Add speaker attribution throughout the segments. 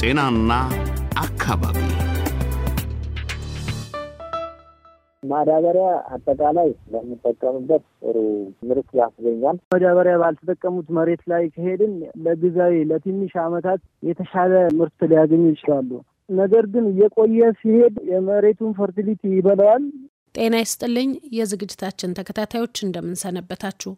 Speaker 1: ጤናና አካባቢ
Speaker 2: ማዳበሪያ አጠቃላይ ለሚጠቀምበት ጥሩ ምርት ያስገኛል። ማዳበሪያ ባልተጠቀሙት መሬት ላይ ከሄድን ለጊዜያዊ ለትንሽ ዓመታት የተሻለ ምርት ሊያገኙ ይችላሉ። ነገር ግን እየቆየ ሲሄድ የመሬቱን ፈርቲሊቲ ይበላዋል።
Speaker 1: ጤና ይስጥልኝ የዝግጅታችን ተከታታዮች እንደምንሰነበታችሁ።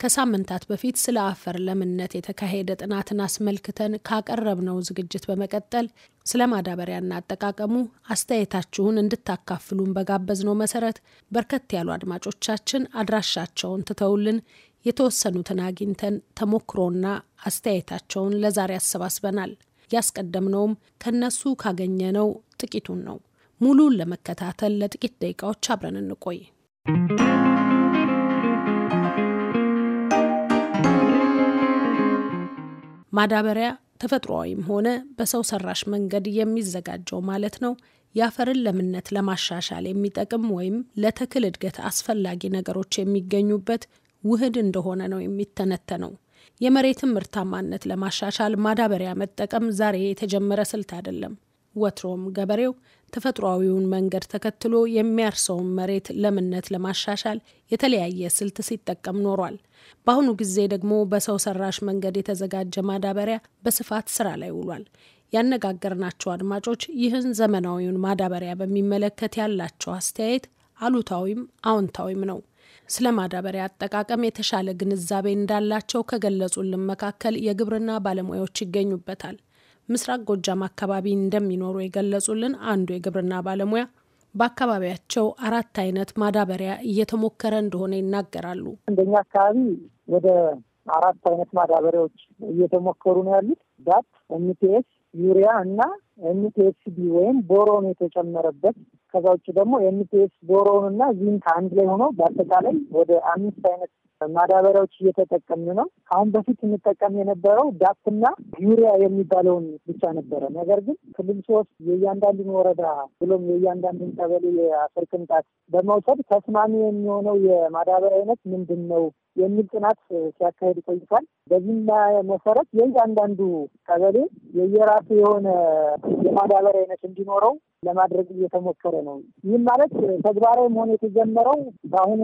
Speaker 1: ከሳምንታት በፊት ስለ አፈር ለምነት የተካሄደ ጥናትን አስመልክተን ካቀረብነው ዝግጅት በመቀጠል ስለ ማዳበሪያና አጠቃቀሙ አስተያየታችሁን እንድታካፍሉን በጋበዝነው መሰረት በርከት ያሉ አድማጮቻችን አድራሻቸውን ትተውልን የተወሰኑትን አግኝተን ተሞክሮና አስተያየታቸውን ለዛሬ አሰባስበናል። ያስቀደምነውም ከነሱ ካገኘነው ጥቂቱን ነው። ሙሉን ለመከታተል ለጥቂት ደቂቃዎች አብረን እንቆይ። ማዳበሪያ ተፈጥሯዊም ሆነ በሰው ሰራሽ መንገድ የሚዘጋጀው ማለት ነው የአፈርን ለምነት ለማሻሻል የሚጠቅም ወይም ለተክል እድገት አስፈላጊ ነገሮች የሚገኙበት ውህድ እንደሆነ ነው የሚተነተነው። የመሬትን ምርታማነት ለማሻሻል ማዳበሪያ መጠቀም ዛሬ የተጀመረ ስልት አይደለም። ወትሮም ገበሬው ተፈጥሯዊውን መንገድ ተከትሎ የሚያርሰውን መሬት ለምነት ለማሻሻል የተለያየ ስልት ሲጠቀም ኖሯል። በአሁኑ ጊዜ ደግሞ በሰው ሰራሽ መንገድ የተዘጋጀ ማዳበሪያ በስፋት ስራ ላይ ውሏል። ያነጋገርናቸው አድማጮች ይህን ዘመናዊውን ማዳበሪያ በሚመለከት ያላቸው አስተያየት አሉታዊም አዎንታዊም ነው። ስለ ማዳበሪያ አጠቃቀም የተሻለ ግንዛቤ እንዳላቸው ከገለጹልን መካከል የግብርና ባለሙያዎች ይገኙበታል። ምስራቅ ጎጃም አካባቢ እንደሚኖሩ የገለጹልን አንዱ የግብርና ባለሙያ በአካባቢያቸው አራት አይነት ማዳበሪያ እየተሞከረ እንደሆነ ይናገራሉ።
Speaker 3: እንደኛ አካባቢ ወደ አራት አይነት ማዳበሪያዎች እየተሞከሩ ነው ያሉት። ዳፕ፣ ኤምፒኤስ፣ ዩሪያ እና ኤምፒኤስ ወይም ቦሮን የተጨመረበት ከዛ ውጭ ደግሞ ኤምፒኤስ ቦሮን እና ዚንክ አንድ ላይ ሆኖ በአጠቃላይ ወደ አምስት አይነት ማዳበሪያዎች እየተጠቀምን ነው። አሁን በፊት እንጠቀም የነበረው ዳፕና ዩሪያ የሚባለውን ብቻ ነበረ። ነገር ግን ክልል ሶስት የእያንዳንዱን ወረዳ ብሎም የእያንዳንዱን ቀበሌ የአፈር ቅንጣት በመውሰድ ተስማሚ የሚሆነው የማዳበሪያ አይነት ምንድን ነው የሚል ጥናት ሲያካሄድ ቆይቷል። በዚህም መሰረት የእያንዳንዱ ቀበሌ የየራሱ የሆነ የማዳበሪያ አይነት እንዲኖረው ለማድረግ እየተሞከረ ነው። ይህም ማለት ተግባራዊ መሆን የተጀመረው በአሁኑ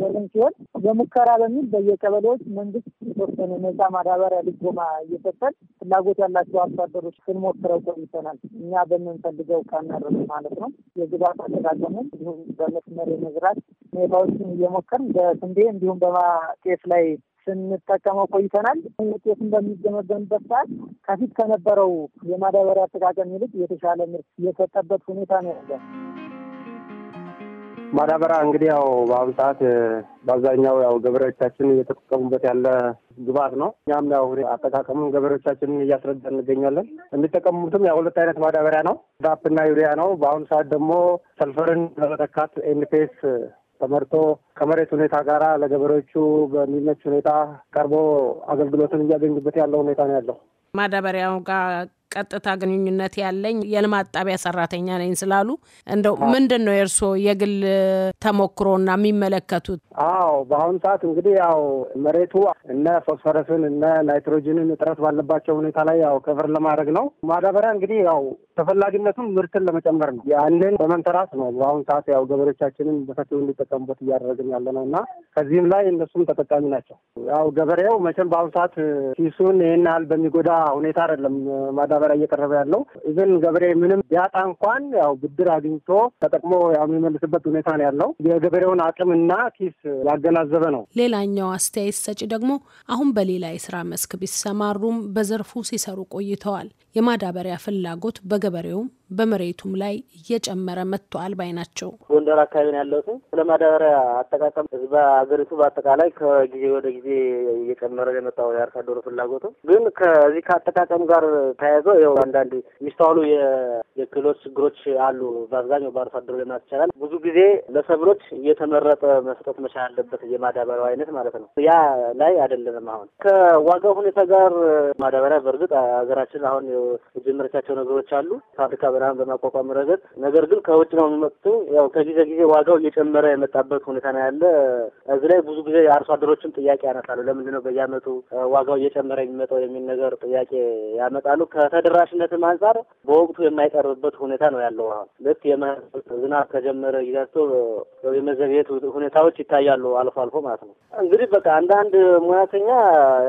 Speaker 3: ዘርም ሲሆን በሙከራ በሚል በየቀበሌዎች መንግስት የተወሰነ ነጻ ማዳበሪያ ድጎማ እየሰጠን ፍላጎት ያላቸው አርሶ አደሮች ስንሞክረው ቆይተናል። እኛ በምንፈልገው ቀመር ማለት ነው። የግባት አጠቃቀሙን እንዲሁም በመስመር የመዝራት ሁኔታዎችን እየሞከርን በስንዴ እንዲሁም በጤፍ ላይ ስንጠቀመው ቆይተናል። ውጤቱን በሚገመገምበት ሰዓት ከፊት ከነበረው የማዳበሪያ አጠቃቀም ይልቅ የተሻለ ምርት እየሰጠበት ሁኔታ ነው ያለ።
Speaker 4: ማዳበሪያ እንግዲህ ያው በአሁኑ ሰዓት በአብዛኛው ያው ገበሬዎቻችን እየተጠቀሙበት ያለ ግብዓት ነው። እኛም ያው አጠቃቀሙን ገበሬዎቻችንን እያስረዳ እንገኛለን። የሚጠቀሙትም ያው ሁለት አይነት ማዳበሪያ ነው፣ ዳፕና ዩሪያ ነው። በአሁኑ ሰዓት ደግሞ ሰልፈርን ለመተካት ኤንፔስ ተመርቶ ከመሬት ሁኔታ ጋራ ለገበሬዎቹ በሚመች ሁኔታ ቀርቦ አገልግሎትን እያገኙበት ያለው ሁኔታ ነው ያለው።
Speaker 1: ማዳበሪያው ጋር ቀጥታ ግንኙነት ያለኝ የልማት ጣቢያ ሰራተኛ ነኝ ስላሉ እንደው ምንድን ነው የእርስዎ የግል ተሞክሮና የሚመለከቱት? አዎ በአሁኑ ሰዓት እንግዲህ ያው መሬቱ እነ
Speaker 4: ፎስፈረስን እነ ናይትሮጅንን እጥረት ባለባቸው ሁኔታ ላይ ያው ከቨር ለማድረግ ነው። ማዳበሪያ እንግዲህ ያው ተፈላጊነቱን ምርትን ለመጨመር ነው። ያንን በመንተራት ነው በአሁኑ ሰዓት ያው ገበሬዎቻችንን በሰፊው እንዲጠቀሙበት እያደረግን ያለ ነው እና ከዚህም ላይ እነሱም ተጠቃሚ ናቸው። ያው ገበሬው መቼም በአሁኑ ሰዓት ኪሱን ይህን ያህል በሚጎዳ ሁኔታ አይደለም ማዳ ማዳበሪያ እየቀረበ ያለው ኢቨን ገበሬ ምንም ቢያጣ እንኳን ያው ብድር አግኝቶ ተጠቅሞ የሚመልስበት ሁኔታ ነው ያለው። የገበሬውን አቅምና ኪስ ያገናዘበ ነው።
Speaker 1: ሌላኛው አስተያየት ሰጪ ደግሞ አሁን በሌላ የስራ መስክ ቢሰማሩም በዘርፉ ሲሰሩ ቆይተዋል። የማዳበሪያ ፍላጎት በገበሬውም በመሬቱም ላይ እየጨመረ መጥቷል ባይ ናቸው።
Speaker 5: ጎንደር አካባቢ ነው ያለው ስለ ማዳበሪያ አጠቃቀም ህዝበ ሀገሪቱ በአጠቃላይ ከጊዜ ወደ ጊዜ እየጨመረ የመጣው የአርሶ አደሩ ፍላጎቱ ግን ከዚህ ከአጠቃቀም ጋር ተያይዘው ይኸው አንዳንድ የሚስተዋሉ የክህሎት ችግሮች አሉ። በአብዛኛው በአርሶ አደሩ ልማት ይቻላል ብዙ ጊዜ ለሰብሎች እየተመረጠ መስጠት መቻል አለበት የማዳበሪያው አይነት ማለት ነው። ያ ላይ አይደለንም። አሁን ከዋጋው ሁኔታ ጋር ማዳበሪያ በእርግጥ ሀገራችን አሁን የጀመረቻቸው ነገሮች አሉ ፋብሪካ በረሃን በማቋቋም ረገድ። ነገር ግን ከውጭ ነው የሚመጡት። ያው ከጊዜ ጊዜ ዋጋው እየጨመረ የመጣበት ሁኔታ ነው ያለ። እዚህ ላይ ብዙ ጊዜ የአርሶ አደሮችም ጥያቄ ያነሳሉ። ለምንድን ነው በየአመቱ ዋጋው እየጨመረ የሚመጣው የሚል ነገር ጥያቄ ያመጣሉ። ከተደራሽነትም አንጻር በወቅቱ የማይቀርብበት ሁኔታ ነው ያለው። ውሃ ልክ ዝናብ ከጀመረ ጊዜቶ የመዘግየት ሁኔታዎች ይታያሉ አልፎ አልፎ ማለት ነው። እንግዲህ በቃ አንዳንድ ሙያተኛ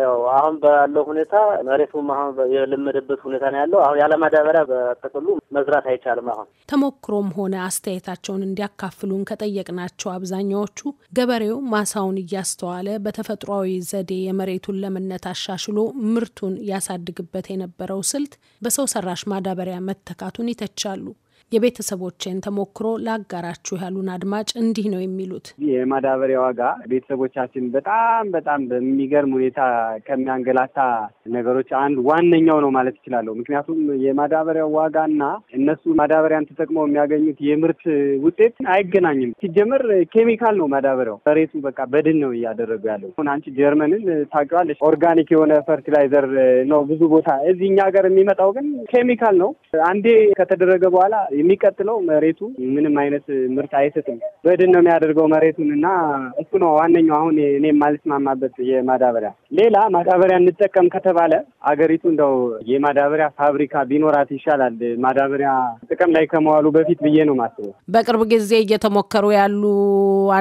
Speaker 5: ያው አሁን ባለው ሁኔታ መሬቱም አሁን የለመደበት ሁኔታ ነው ያለው። አሁን ያለማዳበሪያ በጥቅሉ መዝራት አይቻልም። አሁን
Speaker 1: ተሞክሮም ሆነ አስተያየታቸውን እንዲያካፍሉን ከጠየቅናቸው አብዛኛዎቹ ገበሬው ማሳውን እያስተዋለ በተፈጥሯዊ ዘዴ የመሬቱን ለምነት አሻሽሎ ምርቱን ያሳድግበት የነበረው ስልት በሰው ሰራሽ ማዳበሪያ መተካቱን ይተቻሉ። የቤተሰቦቼን ተሞክሮ ላጋራችሁ ያሉን አድማጭ እንዲህ ነው የሚሉት።
Speaker 6: የማዳበሪያ ዋጋ ቤተሰቦቻችን በጣም በጣም በሚገርም ሁኔታ ከሚያንገላታ ነገሮች አንድ ዋነኛው ነው ማለት ይችላለሁ። ምክንያቱም የማዳበሪያው ዋጋና እነሱ ማዳበሪያን ተጠቅመው የሚያገኙት የምርት ውጤት አይገናኝም። ሲጀመር ኬሚካል ነው ማዳበሪያው። መሬቱ በቃ በድን ነው እያደረጉ ያለው። አሁን አንቺ ጀርመንን ታውቂዋለሽ፣ ኦርጋኒክ የሆነ ፈርቲላይዘር ነው ብዙ ቦታ። እዚህ እኛ ሀገር የሚመጣው ግን ኬሚካል ነው። አንዴ ከተደረገ በኋላ የሚቀጥለው መሬቱ ምንም አይነት ምርት አይሰጥም። በድን ነው የሚያደርገው መሬቱን እና እሱ ነው ዋነኛው አሁን እኔ የማልስማማበት የማዳበሪያ ሌላ ማዳበሪያ እንጠቀም ከተባለ አገሪቱ እንደው የማዳበሪያ ፋብሪካ ቢኖራት ይሻላል። ማዳበሪያ ጥቅም ላይ ከመዋሉ በፊት ብዬ ነው ማስበው።
Speaker 1: በቅርብ ጊዜ እየተሞከሩ ያሉ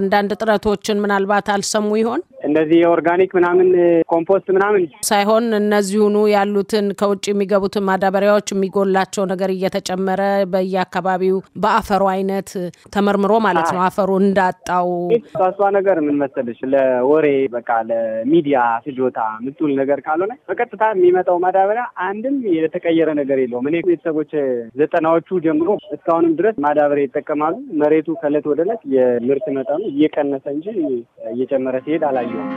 Speaker 1: አንዳንድ ጥረቶችን ምናልባት አልሰሙ ይሆን?
Speaker 6: እነዚህ የኦርጋኒክ ምናምን ኮምፖስት ምናምን
Speaker 1: ሳይሆን እነዚሁኑ ያሉትን ከውጭ የሚገቡትን ማዳበሪያዎች የሚጎላቸው ነገር እየተጨመረ በየአካባቢው በአፈሩ አይነት ተመርምሮ ማለት ነው። አፈሩ
Speaker 6: እንዳጣው ሷሷ ነገር ምን መሰለሽ ለወሬ በቃ ለሚዲያ ፍጆታ ምጡል ነገር ካልሆነ በቀጥታ የሚመጣው ማዳበሪያ አንድም የተቀየረ ነገር የለውም። እኔ ቤተሰቦች ዘጠናዎቹ ጀምሮ እስካሁንም ድረስ ማዳበሪያ ይጠቀማሉ። መሬቱ ከእለት ወደ እለት የምርት መጠኑ እየቀነሰ እንጂ እየጨመረ ሲሄድ አላየሁም።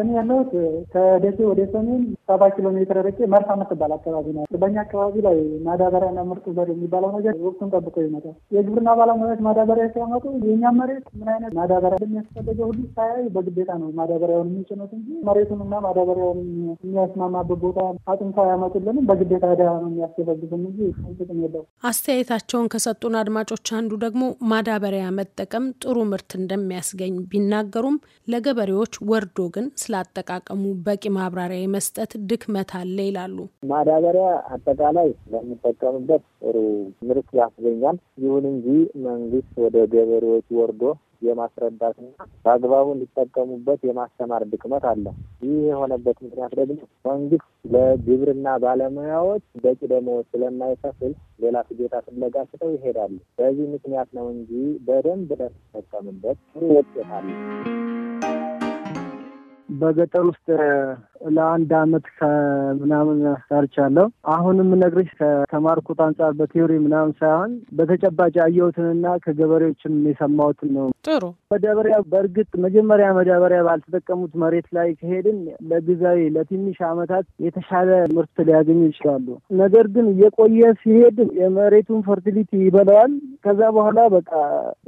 Speaker 3: እኔ ያለሁት ከደሴ ወደ ሰሜን ሰባ ኪሎ ሜትር ርቄ መርሳ የምትባል አካባቢ ነው። በእኛ አካባቢ ላይ ማዳበሪያና ምርጥ ዘር የሚባለው ነገር ወቅቱን ጠብቆ ይመጣል። የግብርና ባለሙያዎች ማዳበሪያ ሲያመጡ የእኛ መሬት ምን አይነት ማዳበሪያ እንደሚያስፈልገው ሁሉ ሳያይ በግዴታ ነው ማዳበሪያውን የሚጭኑት እንጂ መሬቱንና ማዳበሪያውን የሚያስማማበት ቦታ አጥንቶ አያመጡልንም። በግዴታ ዳ ነው የሚያስገበግብም እንጂ ጥቅም የለው።
Speaker 1: አስተያየታቸውን ከሰጡን አድማጮች አንዱ ደግሞ ማዳበሪያ መጠቀም ጥሩ ምርት እንደሚያስገኝ ቢናገሩም ለገበሬዎች ወርዶ ግን ስላጠቃቀሙ በቂ ማብራሪያ የመስጠት ድክመት አለ ይላሉ።
Speaker 3: ማዳበሪያ አጠቃላይ ለሚጠቀምበት ጥሩ ምርት ያስገኛል። ይሁን እንጂ መንግስት ወደ ገበሬዎች ወርዶ የማስረዳትና በአግባቡ እንዲጠቀሙበት የማስተማር ድክመት አለ። ይህ የሆነበት ምክንያት ደግሞ መንግስት ለግብርና ባለሙያዎች በቂ ደመወዝ ስለማይከፍል ሌላ ፍጆታ ፍለጋ ስለው ይሄዳሉ። በዚህ ምክንያት ነው እንጂ በደንብ ለሚጠቀምበት ጥሩ ውጤት አለ።
Speaker 2: በገጠር ውስጥ ለአንድ አመት ከምናምን ሰርቻለሁ። አሁንም ነግሬሽ ከተማርኩት አንጻር በቴዎሪ ምናምን ሳይሆን በተጨባጭ ያየሁትንና ከገበሬዎችም የሰማሁትን ነው። ጥሩ መዳበሪያ፣ በእርግጥ መጀመሪያ መዳበሪያ ባልተጠቀሙት መሬት ላይ ከሄድን ለጊዜያዊ ለትንሽ አመታት የተሻለ ምርት ሊያገኙ ይችላሉ። ነገር ግን እየቆየ ሲሄድ የመሬቱን ፈርቲሊቲ ይበላዋል። ከዛ በኋላ በቃ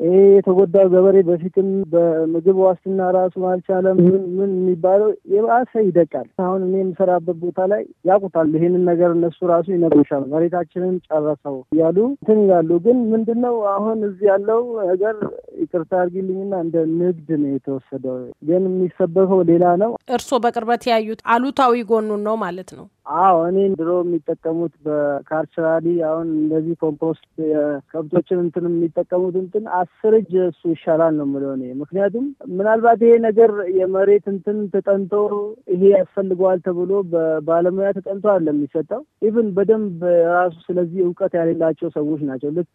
Speaker 2: ይሄ የተጎዳው ገበሬ በፊትም በምግብ ዋስትና ራሱ አልቻለም ምን ምን የሚባለው የባሰ ይደቃል። አሁን እኔ የምሰራበት ቦታ ላይ ያውቁታል ይሄንን ነገር እነሱ ራሱ ይነግሩሻል። መሬታችንን ጨረሰው እያሉ እንትን ይላሉ። ግን ምንድነው አሁን እዚህ ያለው ነገር ይቅርታ አድርጊልኝና እንደ ንግድ ነው የተወሰደው፣ ግን የሚሰበከው ሌላ ነው።
Speaker 1: እርስዎ በቅርበት ያዩት አሉታዊ ጎኑን ነው ማለት ነው።
Speaker 2: አዎ እኔ ድሮ የሚጠቀሙት በካርቸራሊ አሁን እንደዚህ ኮምፖስት ከብቶችን እንትን የሚጠቀሙት እንትን አስር እጅ እሱ ይሻላል ነው የምለው እኔ። ምክንያቱም ምናልባት ይሄ ነገር የመሬት እንትን ተጠንቶ ይሄ ያስፈልገዋል ተብሎ በባለሙያ ተጠንቶ አለ የሚሰጠው። ኢቭን በደንብ ራሱ ስለዚህ እውቀት ያሌላቸው ሰዎች ናቸው። ልክ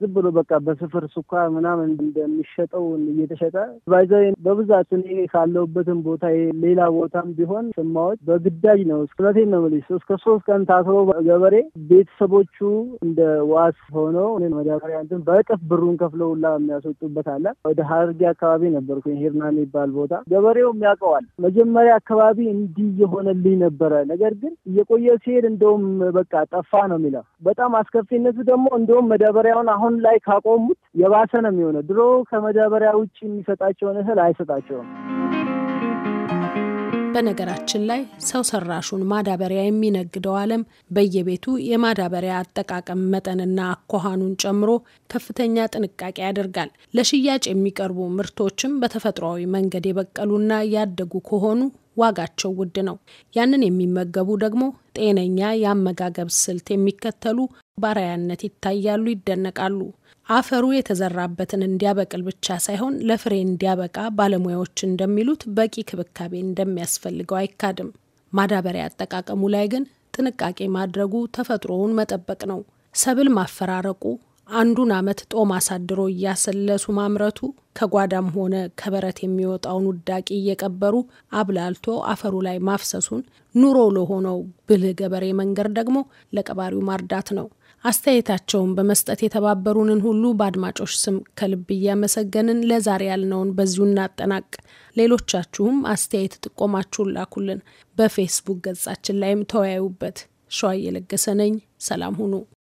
Speaker 2: ዝም ብሎ በቃ በስፍር ስኳር ምናምን እንደሚሸጠው እየተሸጠ ባይዘ በብዛት እኔ ካለሁበትም ቦታ ሌላ ቦታም ቢሆን ስማዎች በግዳጅ ነው እውነቴን ነው ልጅ እስከ ሶስት ቀን ታስሮ ገበሬ ቤተሰቦቹ እንደ ዋስ ሆነው መዳበሪያ እንትን በእጥፍ ብሩን ከፍለውላ የሚያስወጡበት አለ። ወደ ሀረርጌ አካባቢ ነበርኩ ሄርና የሚባል ቦታ ገበሬውም ያውቀዋል። መጀመሪያ አካባቢ እንዲህ የሆነልኝ ነበረ። ነገር ግን እየቆየ ሲሄድ እንደውም በቃ ጠፋ ነው የሚለው። በጣም አስከፊነቱ ደግሞ እንደውም መዳበሪያውን አሁን ላይ ካቆሙት የባሰ ነው የሚሆነው። ድሮ ከመዳበሪያ ውጭ የሚሰጣቸውን እህል አይሰጣቸውም።
Speaker 1: በነገራችን ላይ ሰው ሰራሹን ማዳበሪያ የሚነግደው ዓለም በየቤቱ የማዳበሪያ አጠቃቀም መጠንና አኳኋኑን ጨምሮ ከፍተኛ ጥንቃቄ ያደርጋል። ለሽያጭ የሚቀርቡ ምርቶችም በተፈጥሯዊ መንገድ የበቀሉና ያደጉ ከሆኑ ዋጋቸው ውድ ነው። ያንን የሚመገቡ ደግሞ ጤነኛ የአመጋገብ ስልት የሚከተሉ ባሪያነት ይታያሉ፣ ይደነቃሉ። አፈሩ የተዘራበትን እንዲያበቅል ብቻ ሳይሆን ለፍሬ እንዲያበቃ ባለሙያዎች እንደሚሉት በቂ ክብካቤ እንደሚያስፈልገው አይካድም። ማዳበሪያ አጠቃቀሙ ላይ ግን ጥንቃቄ ማድረጉ ተፈጥሮውን መጠበቅ ነው። ሰብል ማፈራረቁ፣ አንዱን ዓመት ጦም አሳድሮ እያሰለሱ ማምረቱ፣ ከጓዳም ሆነ ከበረት የሚወጣውን ውዳቂ እየቀበሩ አብላልቶ አፈሩ ላይ ማፍሰሱን ኑሮ ለሆነው ብልህ ገበሬ መንገድ ደግሞ ለቀባሪው ማርዳት ነው። አስተያየታቸውን በመስጠት የተባበሩንን ሁሉ በአድማጮች ስም ከልብ እያመሰገንን ለዛሬ ያልነውን በዚሁ እናጠናቅ። ሌሎቻችሁም አስተያየት ጥቆማችሁን ላኩልን። በፌስቡክ ገጻችን ላይም ተወያዩበት። ሸዋ እየለገሰ ነኝ። ሰላም ሁኑ።